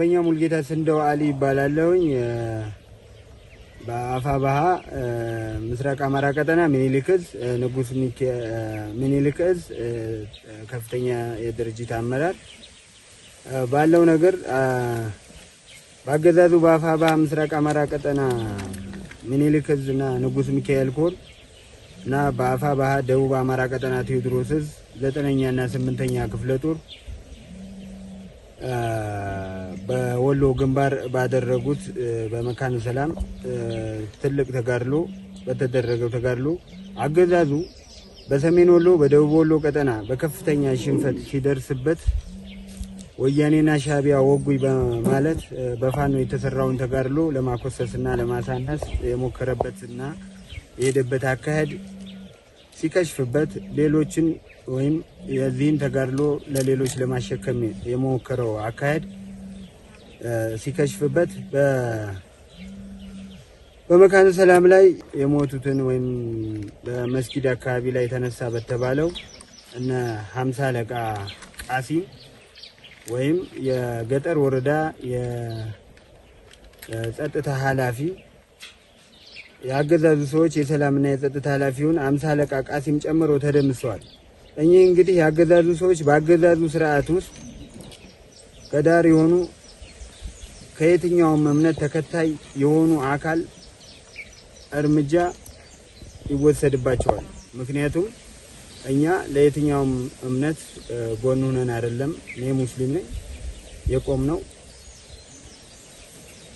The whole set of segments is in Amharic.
በኛ ሙልጌታ ስንደው አሊ ይባላለውኝ በአፋ ባሀ ምስራቅ አማራ ቀጠና ሚኒሊክ እዝ ንጉስ ሚኒሊክ እዝ ከፍተኛ የድርጅት አመራር ባለው ነገር በአገዛዙ በአፋ ባሀ ምስራቅ አማራ ቀጠና ሚኒሊክ እዝ እና ንጉስ ሚካኤል ኮር እና በአፋ ባሀ ደቡብ አማራ ቀጠና ቴዎድሮስ እዝ ዘጠነኛ እና ስምንተኛ ክፍለ ጦር በወሎ ግንባር ባደረጉት በመካነ ሰላም ትልቅ ተጋድሎ በተደረገው ተጋድሎ አገዛዙ በሰሜን ወሎ በደቡብ ወሎ ቀጠና በከፍተኛ ሽንፈት ሲደርስበት ወያኔና ሻቢያ ወጉኝ በማለት በፋኖ የተሰራውን ተጋድሎ ለማኮሰስና ለማሳነስ የሞከረበትና የሄደበት አካሄድ ሲከሽፍበት ሌሎችን ወይም የዚህን ተጋድሎ ለሌሎች ለማሸከም የሞከረው አካሄድ ሲከሽፍበት በመካነ ሰላም ላይ የሞቱትን ወይም በመስጊድ አካባቢ ላይ የተነሳ በተባለው እነ ሀምሳ አለቃ ቃሲም ወይም የገጠር ወረዳ የጸጥታ ኃላፊ የአገዛዙ ሰዎች የሰላምና የጸጥታ ኃላፊውን አምሳ አለቃ ቃሲም ጨምሮ ተደምሰዋል። እኚህ እንግዲህ የአገዛዙ ሰዎች በአገዛዙ ስርዓት ውስጥ ከዳር የሆኑ ከየትኛውም እምነት ተከታይ የሆኑ አካል እርምጃ ይወሰድባቸዋል። ምክንያቱም እኛ ለየትኛውም እምነት ጎን ሆነን አይደለም። እኔ ሙስሊም ነኝ የቆም ነው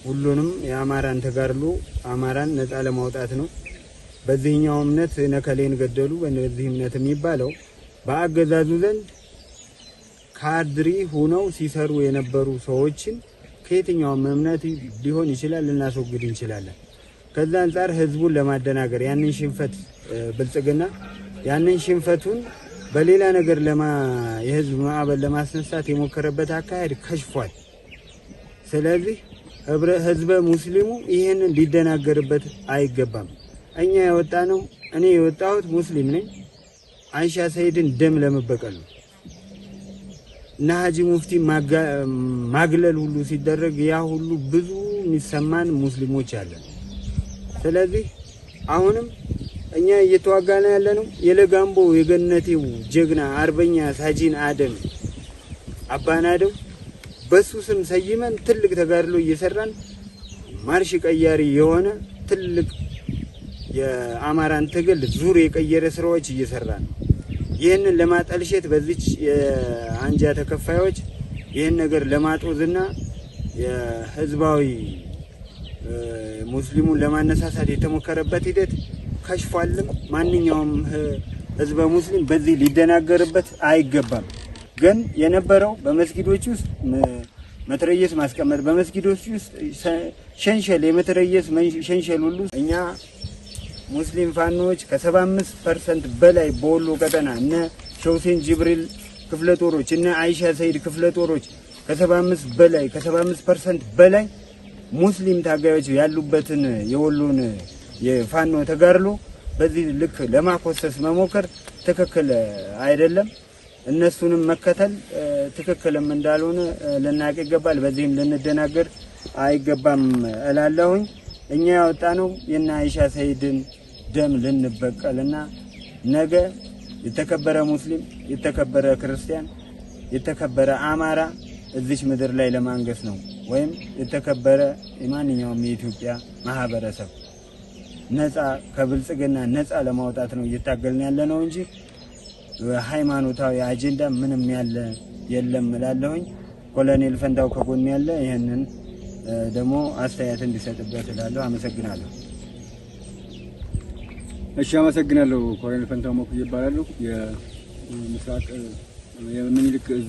ሁሉንም የአማራን ተጋድሎ አማራን ነጻ ለማውጣት ነው። በዚህኛው እምነት ነከሌን ገደሉ፣ በዚህ እምነት የሚባለው በአገዛዙ ዘንድ ካድሪ ሆነው ሲሰሩ የነበሩ ሰዎችን ከየትኛውም እምነት ሊሆን ይችላል ልናስወግድ እንችላለን። ከዛ አንጻር ህዝቡን ለማደናገር ያንን ሽንፈት ብልጽግና ያንን ሽንፈቱን በሌላ ነገር የህዝብ ማዕበል ለማስነሳት የሞከረበት አካሄድ ከሽፏል። ስለዚህ ህዝበ ሙስሊሙ ይህንን ሊደናገርበት አይገባም። እኛ የወጣ ነው እኔ የወጣሁት ሙስሊም ነኝ፣ አይሻ ሰይድን ደም ለመበቀል ነው። እና ሀጂ ሙፍቲ ማግለል ሁሉ ሲደረግ ያ ሁሉ ብዙ የሚሰማን ሙስሊሞች አለን። ስለዚህ አሁንም እኛ እየተዋጋን ያለነው የለጋምቦ የገነቴው ጀግና አርበኛ ሳጂን አደም አባናደው በሱ ስም ሰይመን ትልቅ ተጋድሎ እየሰራን ማርሽ ቀያሪ የሆነ ትልቅ የአማራን ትግል ዙር የቀየረ ስራዎች እየሰራ ነው። ይህንን ለማጠልሸት በዚች የአንጃ ተከፋዮች ይህን ነገር ለማጦዝና የህዝባዊ ሙስሊሙን ለማነሳሳት የተሞከረበት ሂደት ከሽፏልም። ማንኛውም ህዝበ ሙስሊም በዚህ ሊደናገርበት አይገባም። ግን የነበረው በመስጊዶች ውስጥ መትረየስ ማስቀመጥ፣ በመስጊዶች ውስጥ ሸንሸል የመትረየስ ሸንሸል ሁሉ እኛ ሙስሊም ፋኖዎች ከ75 ፐርሰንት በላይ በወሎ ቀጠና እነ ሸውሴን ጅብሪል ክፍለ ጦሮች እነ አይሻ ሰይድ ክፍለ ጦሮች ከ75 በላይ ከ75 ፐርሰንት በላይ ሙስሊም ታጋዮች ያሉበትን የወሎን የፋኖ ተጋድሎ በዚህ ልክ ለማኮሰስ መሞከር ትክክል አይደለም። እነሱንም መከተል ትክክልም እንዳልሆነ ልናቅ ይገባል። በዚህም ልንደናገር አይገባም እላለሁኝ። እኛ ያወጣነው የነ አይሻ ሰይድን ደም ልንበቀልና ነገ የተከበረ ሙስሊም፣ የተከበረ ክርስቲያን፣ የተከበረ አማራ እዚች ምድር ላይ ለማንገስ ነው ወይም የተከበረ የማንኛውም የኢትዮጵያ ማህበረሰብ ነፃ ከብልጽግና ነፃ ለማውጣት ነው እየታገልን ያለ ነው እንጂ ሃይማኖታዊ አጀንዳ ምንም ያለ የለም እላለሁኝ። ኮሎኔል ፈንታው ከጎን ያለ ይህንን ደግሞ አስተያየት እንዲሰጥበት እላለሁ። አመሰግናለሁ። እሺ፣ አመሰግናለሁ። ኮሎኔል ፈንታው ሞክዬ ይባላሉ። የምስራቅ የምኒልክ እዝ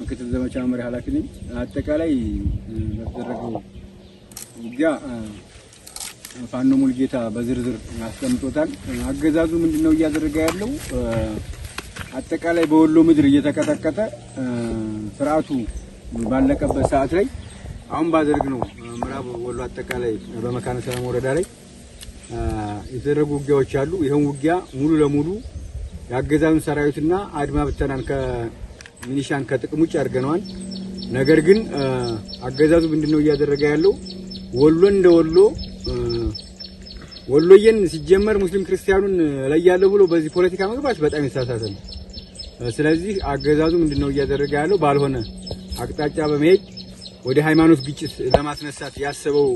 ምክትል ዘመቻ መሪ ኃላፊ ነኝ። አጠቃላይ በተደረገው ውጊያ ፋኖ ሙልጌታ በዝርዝር አስቀምጦታል። አገዛዙ ምንድን ነው እያደረገ ያለው? አጠቃላይ በወሎ ምድር እየተቀጠቀጠ ስርዓቱ ባለቀበት ሰዓት ላይ አሁን ባደርግ ነው ምዕራብ ወሎ አጠቃላይ በመካነ ሰላም ወረዳ ላይ የተደረጉ ውጊያዎች አሉ። ይህም ውጊያ ሙሉ ለሙሉ የአገዛዙን ሰራዊትና አድማ ብተናን ሚኒሻን ከጥቅም ውጭ አድርገነዋል። ነገር ግን አገዛዙ ምንድን ነው እያደረገ ያለው? ወሎ እንደ ወሎ ወሎዬን ሲጀመር ሙስሊም ክርስቲያኑን ላይ ብሎ በዚህ ፖለቲካ መግባት በጣም የተሳሳተ ነው። ስለዚህ አገዛዙ ምንድን ነው እያደረገ ያለው? ባልሆነ አቅጣጫ በመሄድ ወደ ሃይማኖት ግጭት ለማስነሳት ያሰበው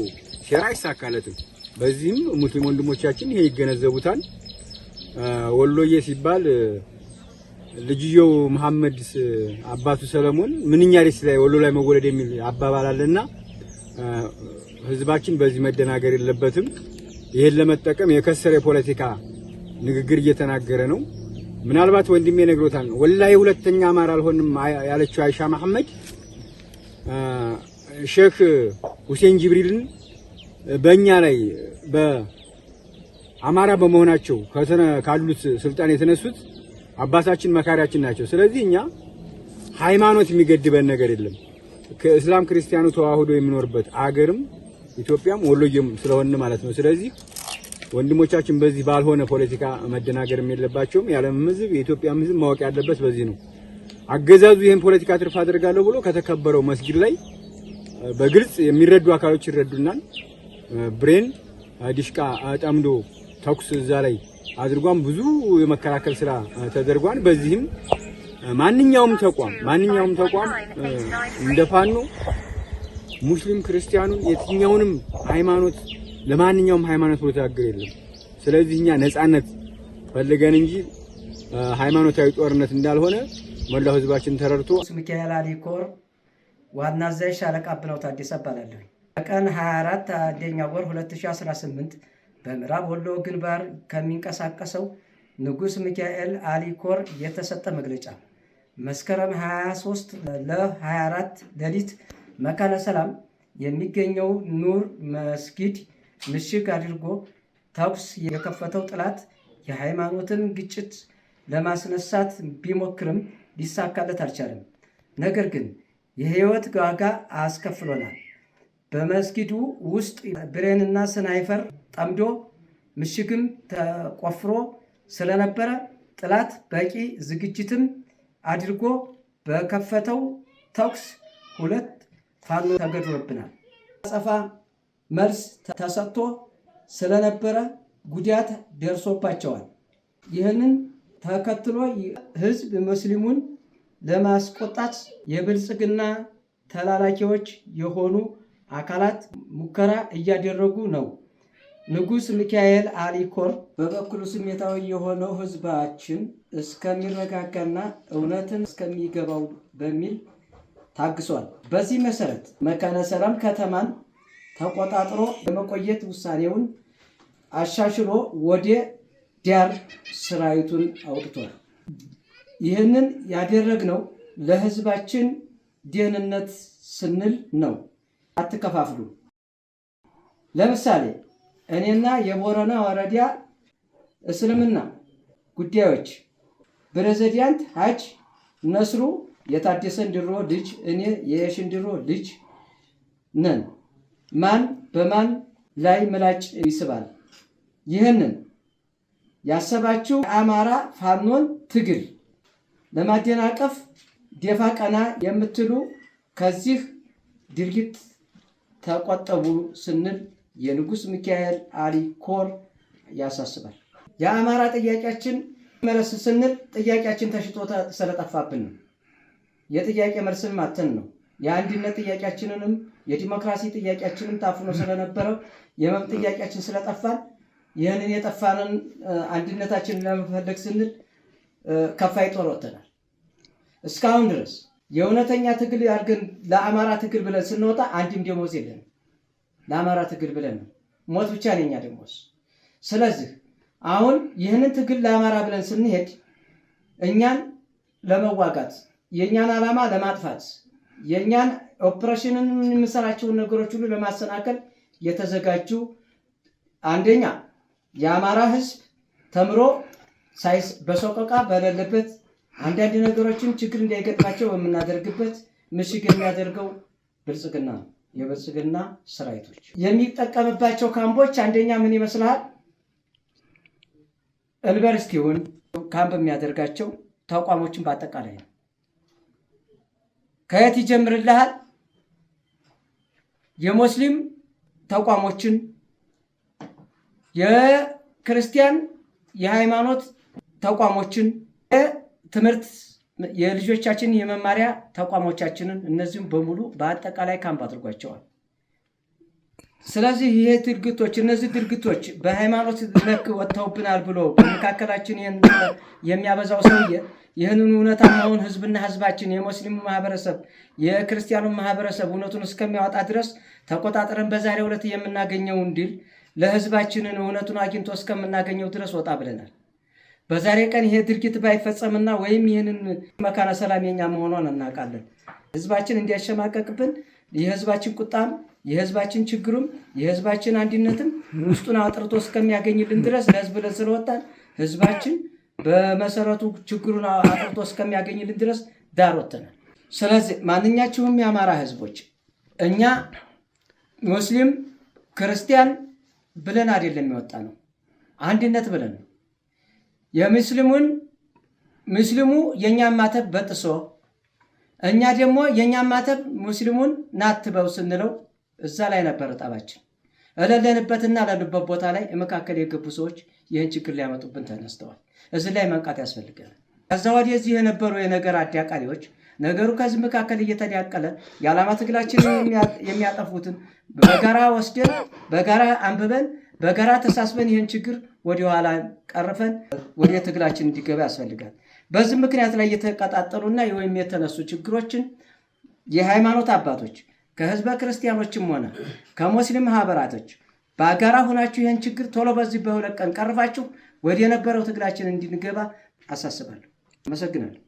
ሴራ አይሳካለትም። በዚህም ሙስሊም ወንድሞቻችን ይሄ ይገነዘቡታል። ወሎዬ ሲባል ልጅየው መሐመድ አባቱ ሰለሞን ምንኛ ደስ ላይ ወሎ ላይ መወለድ የሚል አባባል አለና ህዝባችን በዚህ መደናገር የለበትም። ይሄን ለመጠቀም የከሰረ የፖለቲካ ንግግር እየተናገረ ነው። ምናልባት ወንድሜ ነግሮታል ነው ወላሂ ሁለተኛ አማራ አልሆንም ያለችው አይሻ መሐመድ ሼህ ሁሴን ጅብሪልን በእኛ ላይ በአማራ በመሆናቸው ካሉት ስልጣን የተነሱት አባታችን መካሪያችን ናቸው። ስለዚህ እኛ ሃይማኖት የሚገድበን ነገር የለም። ከእስላም ክርስቲያኑ ተዋህዶ የሚኖርበት አገርም ኢትዮጵያም ወሎየም ስለሆነ ማለት ነው። ስለዚህ ወንድሞቻችን በዚህ ባልሆነ ፖለቲካ መደናገርም የለባቸውም። የዓለም ሕዝብ የኢትዮጵያም ሕዝብ ማወቅ ያለበት በዚህ ነው። አገዛዙ ይህን ፖለቲካ ትርፍ አድርጋለሁ ብሎ ከተከበረው መስጊድ ላይ በግልጽ የሚረዱ አካሎች ይረዱናል። ብሬን ዲሽቃ ጠምዶ ተኩስ እዛ ላይ አድርጓን ብዙ የመከላከል ስራ ተደርጓል። በዚህም ማንኛውም ተቋም ማንኛውም ተቋም እንደ ፋኖ ሙስሊም ክርስቲያኑን የትኛውንም ሃይማኖት ለማንኛውም ሃይማኖት ብሎ የለም። ስለዚህ እኛ ነጻነት ፈልገን እንጂ ሃይማኖታዊ ጦርነት እንዳልሆነ መላው ህዝባችን ተረድቶ ሚካኤል አሊኮር ዋና አዛዥ ሻለቃ አብነው ታደሰ እባላለሁ። በቀን 24 አንደኛ ወር 2018 በምዕራብ ወሎ ግንባር ከሚንቀሳቀሰው ንጉስ ሚካኤል አሊኮር የተሰጠ መግለጫ መስከረም 23 ለ24 ሌሊት መካነ ሰላም የሚገኘው ኑር መስጊድ ምሽግ አድርጎ ተኩስ የከፈተው ጠላት የሃይማኖትን ግጭት ለማስነሳት ቢሞክርም ሊሳካለት አልቻለም። ነገር ግን የህይወት ዋጋ አስከፍሎናል። በመስጊዱ ውስጥ ብሬንና ስናይፈር ጠምዶ ምሽግም ተቆፍሮ ስለነበረ ጥላት በቂ ዝግጅትም አድርጎ በከፈተው ተኩስ ሁለት ፋኖ ተገድሎብናል። አጸፋ መልስ ተሰጥቶ ስለነበረ ጉዳት ደርሶባቸዋል። ይህንን ተከትሎ ህዝብ ሙስሊሙን ለማስቆጣት የብልጽግና ተላላኪዎች የሆኑ አካላት ሙከራ እያደረጉ ነው። ንጉስ ሚካኤል አሊኮር በበኩሉ ስሜታዊ የሆነው ህዝባችን እስከሚረጋጋና እውነትን እስከሚገባው በሚል ታግሷል። በዚህ መሰረት መካነ ሰላም ከተማን ተቆጣጥሮ የመቆየት ውሳኔውን አሻሽሎ ወደ ዲያር ሰራዊቱን አውጥቷል። ይህንን ያደረግነው ለህዝባችን ደህንነት ስንል ነው። አትከፋፍሉ። ለምሳሌ እኔና የቦረና ወረዳ እስልምና ጉዳዮች ፕሬዚዳንት ሀጅ ነስሩ ድሮ ልጅ እኔ የሽንድሮ ልጅ ነን። ማን በማን ላይ ምላጭ ይስባል? ይህንን ያሰባቸው የአማራ ፋኖን ትግል ለማደናቀፍ ደፋ ቀና የምትሉ ከዚህ ድርጊት ተቆጠቡ ስንል የንጉሥ ሚካኤል አሊ ኮር ያሳስባል። የአማራ ጥያቄያችን መለስ ስንል ጥያቄያችን ተሽጦ ስለጠፋብን ነው። የጥያቄ መልስም አተን ነው። የአንድነት ጥያቄያችንንም የዲሞክራሲ ጥያቄያችንም ታፍኖ ስለነበረው የመብት ጥያቄያችን ስለጠፋን ይህንን የጠፋንን አንድነታችንን ለመፈለግ ስንል ከፋይ ጦር ወጥተናል። እስካሁን ድረስ የእውነተኛ ትግል አድርገን ለአማራ ትግል ብለን ስንወጣ አንድም ደሞዝ የለንም። ለአማራ ትግል ብለን ነው ሞት ብቻ ነኛ ደሞዝ። ስለዚህ አሁን ይህንን ትግል ለአማራ ብለን ስንሄድ እኛን ለመዋጋት የእኛን ዓላማ ለማጥፋት የእኛን ኦፕሬሽንን የምንሰራቸውን ነገሮች ሁሉ ለማሰናከል የተዘጋጁ አንደኛ የአማራ ህዝብ ተምሮ በሰቆቃ በሌለበት አንዳንድ ነገሮችን ችግር እንዳይገጥማቸው በምናደርግበት ምሽግ የሚያደርገው ብልጽግና ነው። የብልጽግና ሰራዊቶች የሚጠቀምባቸው ካምፖች አንደኛ ምን ይመስልሃል? ዩኒቨርሲቲውን ካምፕ የሚያደርጋቸው ተቋሞችን በአጠቃላይ ነው። ከየት ይጀምርልሃል? የሙስሊም ተቋሞችን የክርስቲያን የሃይማኖት ተቋሞችን ትምህርት የልጆቻችን የመማሪያ ተቋሞቻችንን እነዚህም በሙሉ በአጠቃላይ ካምፕ አድርጓቸዋል። ስለዚህ ይሄ ድርጊቶች እነዚህ ድርግቶች በሃይማኖት ነክ ወጥተውብናል ብሎ በመካከላችን የሚያበዛው ሰውዬ ይህንን እውነታ መሆን ህዝብና ህዝባችን የሙስሊሙ ማህበረሰብ የክርስቲያኑ ማህበረሰብ እውነቱን እስከሚያወጣ ድረስ ተቆጣጠረን በዛሬው ዕለት የምናገኘው እንዲል ለህዝባችንን እውነቱን አግኝቶ እስከምናገኘው ድረስ ወጣ ብለናል። በዛሬ ቀን ይሄ ድርጊት ባይፈጸምና ወይም ይህንን መካነ ሰላም የኛ መሆኗን እናውቃለን። ህዝባችን እንዲያሸማቀቅብን የህዝባችን ቁጣም የህዝባችን ችግሩም የህዝባችን አንድነትም ውስጡን አጥርቶ እስከሚያገኝልን ድረስ ለህዝብ ብለን ስለወጣን ህዝባችን በመሰረቱ ችግሩን አጥርቶ እስከሚያገኝልን ድረስ ዳር ወጥተናል። ስለዚህ ማንኛችሁም የአማራ ህዝቦች እኛ ሙስሊም ክርስቲያን ብለን አይደለም የወጣ ነው። አንድነት ብለን ነው። የሙስሊሙን ሙስሊሙ የእኛ ማተብ በጥሶ እኛ ደግሞ የእኛ ማተብ ሙስሊሙን ናትበው ስንለው እዛ ላይ ነበር ጠባችን። እለለንበትና ለንበት ቦታ ላይ መካከል የገቡ ሰዎች ይህን ችግር ሊያመጡብን ተነስተዋል። እዚህ ላይ መንቃት ያስፈልገናል። ከዛ ወዲህ እዚህ የነበሩ የነገር አዳቃሪዎች ነገሩ ከህዝብ መካከል እየተዳቀለ የዓላማ ትግላችንን የሚያጠፉትን በጋራ ወስደን በጋራ አንብበን በጋራ ተሳስበን ይህን ችግር ወደኋላ ቀርፈን ወደ ትግላችን እንዲገባ ያስፈልጋል። በዚህ ምክንያት ላይ የተቀጣጠሉና ወይም የተነሱ ችግሮችን የሃይማኖት አባቶች ከህዝበ ክርስቲያኖችም ሆነ ከሙስሊም ማህበራቶች በጋራ ሆናችሁ ይህን ችግር ቶሎ በዚህ በሁለት ቀን ቀርፋችሁ ወደ የነበረው ትግላችን እንድንገባ አሳስባለሁ። አመሰግናለሁ።